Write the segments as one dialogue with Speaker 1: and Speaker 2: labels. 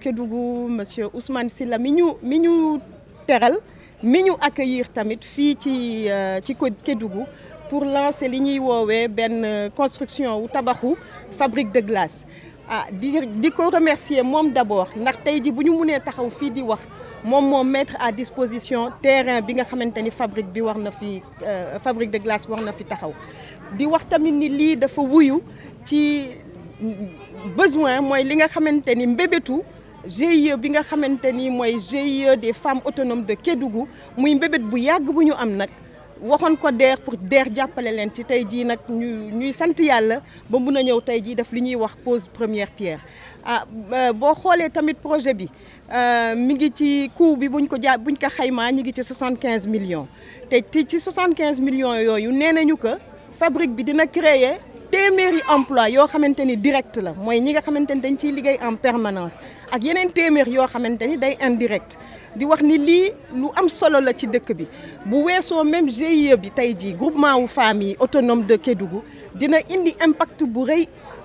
Speaker 1: Kédougou monsieur Ousmane Sylla mi ñu mi ñu accueillir tamit fii ci euh, ci Kédougou pour lancer li ñuy ben construction ou tabaxu fabrique de glace ah di di ko remercier moi d'abord ndax tey ji bu ñu taxaw di wax mom mo mettre à disposition terrain bi nga xamanteni fabrique bi warna fi euh, fabrique de glace warna na fi taxaw di wax tamit ni li dafa wuyu ci besoin moi li nga xamanteni ni mbébétu GIE bi nga xamanteni moy mooy GIE des femmes autonomes de Kédougou muy mbébét bu yàgg bu ñu am nak waxoon ko DER pour DER jappalé len ci tey jii nag ñu ñuy sant Yalla ba mëna a ñëw tey jii def li ñuy wax pose première pierre ah euh, bo xolé tamit projet bi euh, mi ngi ci coût bi buñ ko buñ ko xeyma ñi ngi ci 75 millions te ci 75 millions yooyu nee nañu que fabrique bi dina créer téeméeri emploi yo xamanteni direct la moy ñi nga xamanteni dañ ci liggéey en permanence ak yenen téeméer yo xamanteni day indirect di wax ni li lu am solo la ci dëkk bi bu wesso même GIE bi tay ji groupement wu famille autonome de Kédougou dina indi impact bu rëy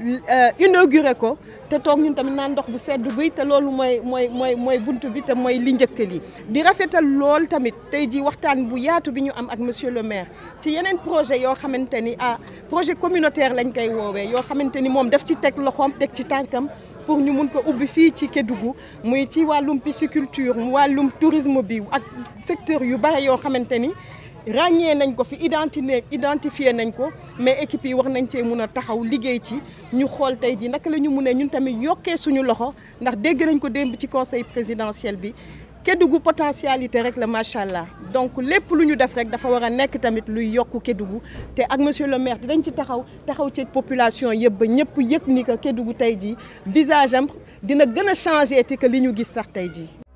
Speaker 1: Euh, inauguré ko té tok ñun tamit naan dox bu te loolu moy moy moy moy buntu bi té li di lool tamit waxtaan bu yaatu am monsieur le maire ci yenen projet ah, projet communautaire lañ koy yo xamanteni mom ci tek loxom ci pour ñu ko ubbi fi ci ci pisciculture walum tourisme bi ak secteur yu ràññee nañ ko fi identifié identifié nañ ko mais équipe yi wax nañ ci mëna taxaw liggéey ci ñu xol tay ji nak lañu ñu ñun tamit yoké suñu loxo ndax dégg nañ ko demb ci conseil présidentiel bi Kédougou potentialité rek la machallah donc lépp luñu def rek dafa wara a nekk tamit luy yokk Kédougou té ak monsieur le maire dañ ci taxaw taxaw ci population yeb ñep ñëpp ni que Kédougou tay jii visage am dina gëna changer changé que li gis sax tay jii.